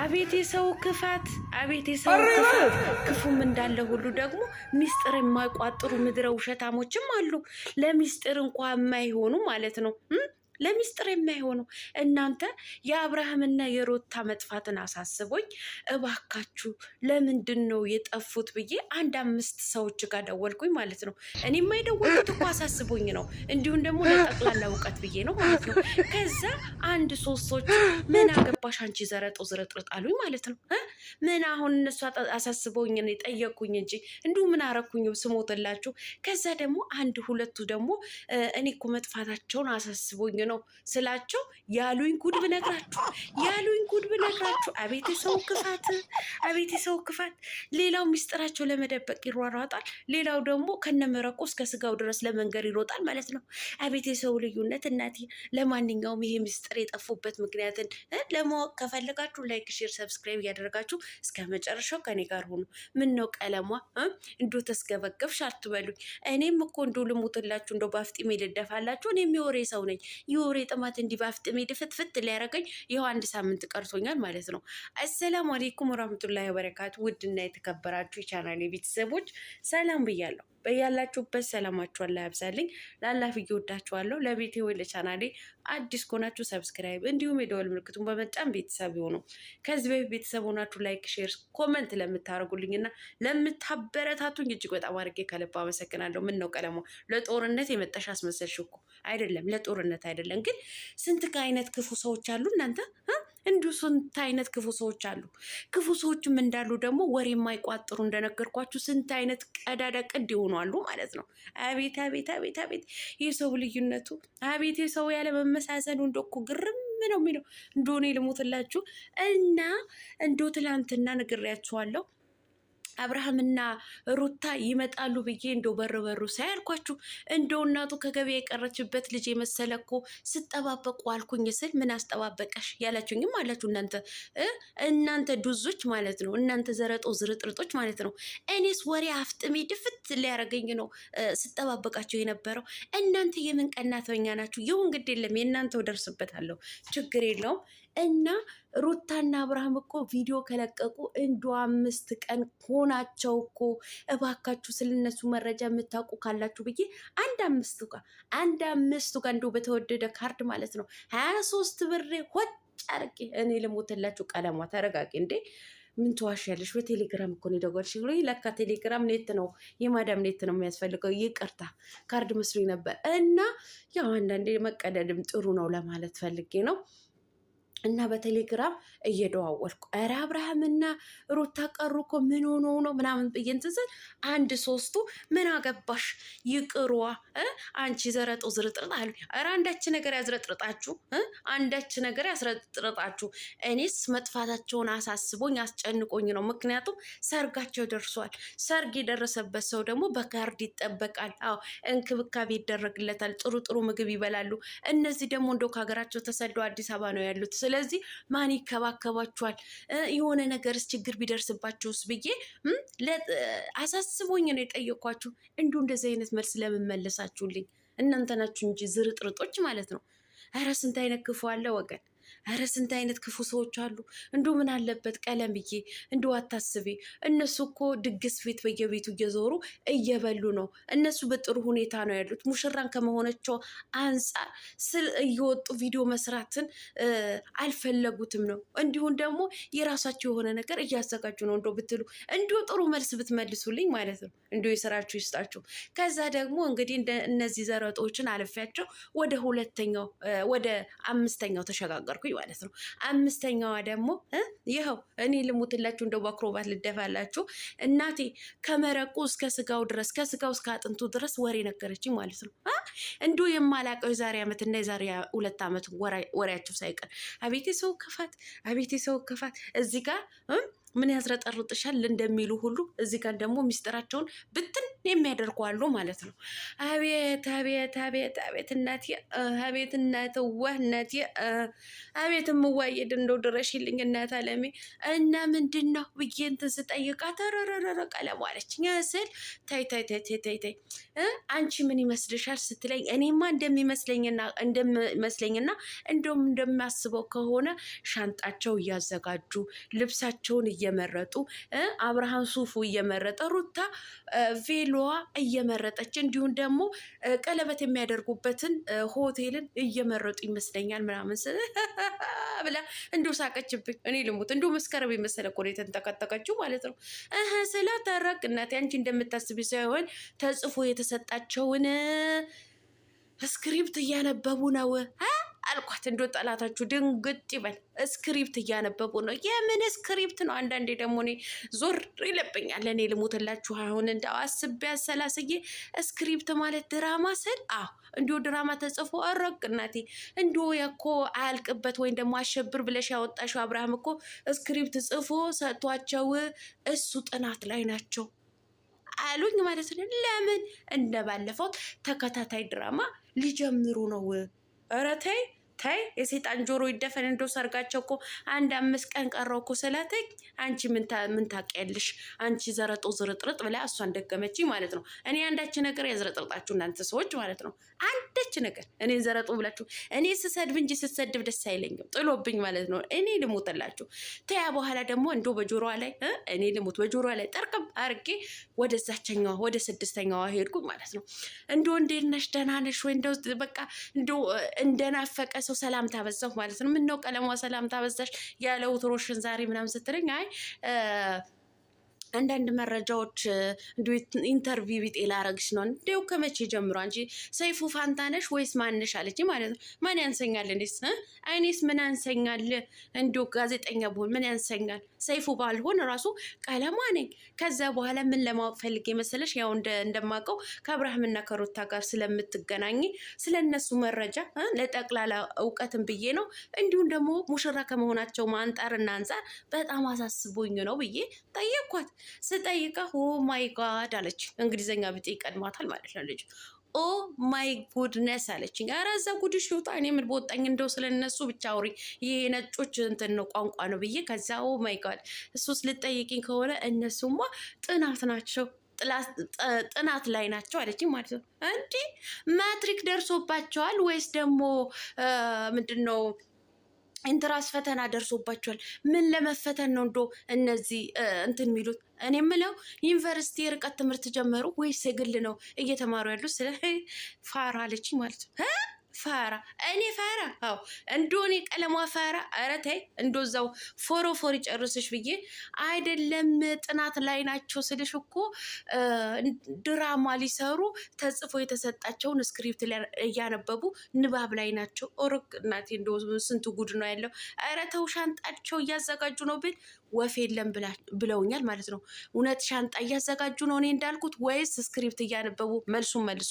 አቤት የሰው ክፋት! አቤት የሰው ክፋት! ክፉም እንዳለ ሁሉ ደግሞ ሚስጥር የማይቋጥሩ ምድረ ውሸታሞችም አሉ። ለሚስጥር እንኳ የማይሆኑ ማለት ነው። ለሚስጥር የማይሆነው እናንተ የአብርሃምና የሮታ መጥፋትን አሳስቦኝ እባካችሁ ለምንድን ነው የጠፉት ብዬ አንድ አምስት ሰዎች ጋር ደወልኩኝ ማለት ነው። እኔ የማይደወልኩት እኮ አሳስቦኝ ነው፣ እንዲሁም ደግሞ ለጠቅላላ እውቀት ብዬ ነው ማለት ነው። ከዛ አንድ ሶስት ሰዎች ምን አገባሽ አንቺ ዘረጦ ዝርጥርጥ አሉኝ ማለት ነው። ምን አሁን እነሱ አሳስበውኝ ነው የጠየቁኝ እንጂ እንዲሁ ምን አረኩኝ ስሞትላችሁ። ከዛ ደግሞ አንድ ሁለቱ ደግሞ እኔ እኮ መጥፋታቸውን አሳስቦኝ ነው ስላቸው ያሉኝ ጉድ ብነግራችሁ ያሉኝ ጉድ ብነግራችሁ፣ አቤት የሰው ክፋት፣ አቤት የሰው ክፋት። ሌላው ሚስጥራቸው ለመደበቅ ይሯሯጣል፣ ሌላው ደግሞ ከነመረቁ እስከ ስጋው ድረስ ለመንገር ይሮጣል ማለት ነው። አቤት የሰው ልዩነት እናቴ። ለማንኛውም ይሄ ሚስጥር የጠፉበት ምክንያትን ለማወቅ ከፈለጋችሁ ላይክ፣ ሼር፣ ሰብስክራይብ እያደረጋችሁ ያላችሁ እስከ መጨረሻው ከኔ ጋር ሆኑ። ምን ነው ቀለሟ እንዶ ተስገበገብሽ አትበሉኝ። እኔም እኮ እንዶ ልሙትላችሁ እንደ ባፍጢሜ ልደፋላችሁ። እኔም የወሬ ሰው ነኝ። የወሬ ጥማት እንዲህ በአፍጢሜ ድፍትፍት ሊያረገኝ ይኸው አንድ ሳምንት ቀርቶኛል ማለት ነው። አሰላሙ አሌይኩም ወራህመቱላ ወበረካቱ። ውድና የተከበራችሁ የቻናል የቤተሰቦች ሰላም ብያለሁ። በያላችሁበት ሰላማችሁ አላህ ያብዛልኝ። ላላፍ እየወዳችኋለሁ። ለቤቴ ወይ ለቻናሌ አዲስ ከሆናችሁ ሰብስክራይብ፣ እንዲሁም የደወል ምልክቱን በመጫን ቤተሰብ የሆኑ ከዚህ በፊት ቤተሰብ ሆናችሁ ሁላችሁ ላይክ፣ ሼር፣ ኮመንት ለምታደርጉልኝ እና ለምታበረታቱኝ እጅግ በጣም አድርጌ ከልብ አመሰግናለሁ። ምን ነው ቀለሞ ለጦርነት የመጣሽ አስመሰልሽ እኮ አይደለም፣ ለጦርነት አይደለም። ግን ስንት አይነት ክፉ ሰዎች አሉ እናንተ እንዲሁ ስንት አይነት ክፉ ሰዎች አሉ። ክፉ ሰዎችም እንዳሉ ደግሞ ወሬ የማይቋጥሩ እንደነገርኳችሁ ስንት አይነት ቀዳዳ ቅድ የሆኑ አሉ ማለት ነው። አቤት አቤት አቤት አቤት የሰው ልዩነቱ አቤት የሰው ያለመመሳሰሉ እንደኮ ግርም ነው የሚለው እንደሆነ ልሞትላችሁ እና እንዶ ትላንትና ነግሬያችኋለሁ አብርሃምና ሩታ ይመጣሉ ብዬ እንደው በር በሩ ሳያልኳችሁ እንደው እናቱ ከገበያ የቀረችበት ልጅ የመሰለ እኮ ስጠባበቁ አልኩኝ ስል ምን አስጠባበቀሽ ያላችሁኝም አላችሁ እናንተ እናንተ ዱዞች ማለት ነው። እናንተ ዘረጦ ዝርጥርጦች ማለት ነው። እኔስ ወሬ አፍጥሜ ድፍት ሊያረገኝ ነው ስጠባበቃቸው የነበረው። እናንተ የምን ቀናተኛ ናችሁ? ይሁን ግድ የለም የእናንተው ደርስበታለሁ፣ ችግር የለውም። እና ሩታና አብርሃም እኮ ቪዲዮ ከለቀቁ እንዱ አምስት ቀን ሆናቸው እኮ። እባካችሁ ስለነሱ መረጃ የምታውቁ ካላችሁ ብዬ አንድ አምስቱ ጋር አንድ አምስቱ ጋር እንዲሁ በተወደደ ካርድ ማለት ነው ሀያ ሶስት ብሬ ሆጭ አርቂ እኔ ልሞትላችሁ። ቀለሟ ተረጋቂ እንዴ ምን ተዋሽ ትዋሻለሽ? በቴሌግራም እኮ ነው የደወልሽ ብሎ ለካ ቴሌግራም ኔት ነው የማዳም ኔት ነው የሚያስፈልገው። ይቅርታ ካርድ መስሎኝ ነበር። እና ያው አንዳንዴ መቀደድም ጥሩ ነው ለማለት ፈልጌ ነው። እና በቴሌግራም እየደዋወልኩ ኧረ አብርሃምና ሩታ ቀሩ እኮ ምን ሆኖ ነው ምናምን ብዬ እንትን ስል አንድ ሶስቱ ምን አገባሽ ይቅሯ፣ አንቺ ዘረጦ ዝርጥርጥ አሉ። ኧረ አንዳች ነገር ያዝረጥርጣችሁ፣ አንዳች ነገር ያስረጥርጣችሁ። እኔስ መጥፋታቸውን አሳስቦኝ አስጨንቆኝ ነው። ምክንያቱም ሰርጋቸው ደርሷል። ሰርግ የደረሰበት ሰው ደግሞ በካርድ ይጠበቃል። አዎ እንክብካቤ ይደረግለታል። ጥሩ ጥሩ ምግብ ይበላሉ። እነዚህ ደግሞ እንደው ከሀገራቸው ተሰደው አዲስ አበባ ነው ያሉት ስለዚህ ማን ይከባከባችኋል? የሆነ ነገርስ ችግር ቢደርስባቸውስ ብዬ አሳስቦኝ ነው የጠየኳችሁ። እንዲሁ እንደዚህ አይነት መልስ ለምን መለሳችሁልኝ? እናንተ ናችሁ እንጂ ዝርጥርጦች ማለት ነው። ኧረ ስንት አይነት ክፉ አለ ወገን ኧረ ስንት አይነት ክፉ ሰዎች አሉ። እንዲሁ ምን አለበት ቀለምዬ፣ እንዲሁ አታስቢ። እነሱ እኮ ድግስ ቤት በየቤቱ እየዞሩ እየበሉ ነው። እነሱ በጥሩ ሁኔታ ነው ያሉት። ሙሽራን ከመሆነቸው አንጻር ስል እየወጡ ቪዲዮ መስራትን አልፈለጉትም ነው። እንዲሁም ደግሞ የራሳቸው የሆነ ነገር እያዘጋጁ ነው። እንዶ ብትሉ እንዲሁ ጥሩ መልስ ብትመልሱልኝ ማለት ነው። እንዶ የስራችሁ ይስጣችሁ። ከዛ ደግሞ እንግዲህ እነዚህ ዘረጦችን አለፊያቸው ወደ ሁለተኛው ወደ አምስተኛው ተሸጋገርኩኝ። አለብኝ ማለት ነው። አምስተኛዋ ደግሞ ይኸው እኔ ልሙትላችሁ እንደ አክሮባት ልደፋላችሁ እናቴ ከመረቁ እስከ ስጋው ድረስ ከስጋው እስከ አጥንቱ ድረስ ወሬ ነገረችኝ ማለት ነው። እንዲሁ የማላቀው የዛሬ ዓመት እና የዛሬ ሁለት ዓመት ወሬያቸው ሳይቀር አቤቴ ሰው ክፋት፣ አቤቴ ሰው ክፋት እዚህ ጋር ምን ያዝረጠርጥሻል እንደሚሉ ሁሉ እዚህ ጋር ደግሞ ሚስጥራቸውን ብትን የሚያደርጉ አሉ ማለት ነው። አቤት አቤት አቤት አቤት እናቴ አቤት ዋህ እናቴ አቤት የምዋየድ እንደው ድረሽልኝ እናት አለሜ እና ምንድን ነው ብዬ እንትን ስጠይቃት ተረረረረ ቀለም አለች ስል ተይ ተይ ተይ ተይ ተይ አንቺ ምን ይመስልሻል ስትለኝ እኔማ እንደሚመስለኝና እንደሚመስለኝና እንደውም እንደሚያስበው ከሆነ ሻንጣቸው እያዘጋጁ ልብሳቸውን እየመረጡ አብርሃም ሱፉ እየመረጠ ሩታ ቬ ቪላዋ እየመረጠች እንዲሁም ደግሞ ቀለበት የሚያደርጉበትን ሆቴልን እየመረጡ ይመስለኛል ምናምን ብላ እንዲሁ ሳቀችብኝ። እኔ ልሙት እንዲሁ መስከረም የመሰለ እኮ ነው የተንጠቀጠቀችው ማለት ነው። ስለ ተረቅ እናቴ አንቺ እንደምታስቢ ሳይሆን ተጽፎ የተሰጣቸውን ስክሪፕት እያነበቡ ነው። አልኳት። እንዶ ጠላታችሁ ድንግጥ ይበል። ስክሪፕት እያነበቡ ነው። የምን ስክሪፕት ነው? አንዳንዴ ደግሞ እኔ ዞር ይለብኛል። እኔ ልሞትላችሁ አሁን እንደው አስቤ አሰላስዬ ስክሪፕት ማለት ድራማ ስል አዎ፣ እንዲሁ ድራማ ተጽፎ እረቅ እናቴ፣ እንዲ ያኮ አያልቅበት ወይም ደግሞ አሸብር ብለሽ ያወጣሽው አብርሃም እኮ ስክሪፕት ጽፎ ሰጥቷቸው እሱ ጥናት ላይ ናቸው አሉኝ ማለት ነው። ለምን እንደባለፈው ተከታታይ ድራማ ሊጀምሩ ነው रथ है ታይ የሴጣን ጆሮ ይደፈን። እንዶ ሰርጋቸው እኮ አንድ አምስት ቀን ቀረው እኮ ስለትኝ አንቺ ምን ታውቂያለሽ? አንቺ ዘረጦ ዝርጥርጥ ብላ እሷን ደገመች ማለት ነው። እኔ አንዳች ነገር ያዝረጥርጣችሁ እናንተ ሰዎች ማለት ነው። አንዳች ነገር እኔን ዘረጦ ብላችሁ እኔ ስሰድብ እንጂ ስሰድብ ደስ አይለኝም። ጥሎብኝ ማለት ነው። እኔ ልሞትላችሁ። ተያ በኋላ ደግሞ እንዶ በጆሮዋ ላይ እኔ ልሞት በጆሮዋ ላይ ጠርቅም አርጌ ወደዛቸኛዋ ወደ ስድስተኛዋ ሄድኩ ማለት ነው። እንዶ እንዴት ነሽ? ደህና ነሽ ወይ? እንደው በቃ እንዶ እንደናፈቀ ሰው ሰላም ታበዛሁ ማለት ነው። ምነው ቀለሟ ሰላም ታበዛሽ ያለው ትሮሽን ዛሬ ምናምን ስትለኝ አይ አንዳንድ መረጃዎች እንዲሁ ኢንተርቪው ቢጤ ላረግሽ ነው እንዲው ከመቼ ጀምሮ አንቺ ሰይፉ ፋንታነሽ ወይስ ማንሽ አለች ማለት ነው። ማን ያንሰኛል? እንዴስ አይኔስ ምን ያንሰኛል? እንዲሁ ጋዜጠኛ ብሆን ምን ያንሰኛል? ሰይፉ ባልሆን ራሱ ቀለማ ነኝ። ከዛ በኋላ ምን ለማወቅ ፈልጌ መሰለሽ? ያው እንደማውቀው ከአብርሃምና ከሩታ ጋር ስለምትገናኝ ስለነሱ መረጃ ለጠቅላላ እውቀትን ብዬ ነው። እንዲሁም ደግሞ ሙሽራ ከመሆናቸው ማንጣርና አንጻር በጣም አሳስቦኝ ነው ብዬ ጠየኳት። ስጠይቃ ኦ ማይ ጋድ አለች። እንግሊዝኛ ብጤ ይቀድማታል ማለት ነው ልጅ ኦ ማይ ጉድነስ አለች። ኧረ እዛ ጉድሽ ይውጣ። እኔ ምን በወጣኝ እንደው ስለነሱ ብቻ አውሪ። ይሄ ነጮች እንትን ነው ቋንቋ ነው ብዬ ከዛ ኦ ማይ ጋድ እሱስ ልጠይቅኝ ከሆነ እነሱማ ጥናት ናቸው ጥናት ላይ ናቸው አለች ማለት ነው። እንዲህ ማትሪክ ደርሶባቸዋል ወይስ ደግሞ ምንድን ነው? ኢንትራንስ ፈተና ደርሶባቸዋል። ምን ለመፈተን ነው እንዶ እነዚህ እንትን የሚሉት? እኔ ምለው ዩኒቨርሲቲ የርቀት ትምህርት ጀመሩ ወይስ የግል ነው እየተማሩ ያሉት? ስለ ፋራ አለች ማለት ነው። ፋራ እኔ ፋራ? አዎ እንደኔ ቀለሟ ፋራ። ኧረ ተይ እንደዛው ፎሮፎር ይጨርስሽ ብዬ አይደለም። ጥናት ላይ ናቸው ስልሽ እኮ ድራማ ሊሰሩ ተጽፎ የተሰጣቸውን ስክሪፕት እያነበቡ ንባብ ላይ ናቸው። ኦርግ እናቴ እንደው ስንቱ ጉድ ነው ያለው። ኧረ ተው ሻንጣቸው እያዘጋጁ ነው ቤት ወፍ የለም ብለውኛል ማለት ነው። እውነት ሻንጣ እያዘጋጁ ነው እኔ እንዳልኩት ወይስ ስክሪፕት እያነበቡ መልሱን መልሱ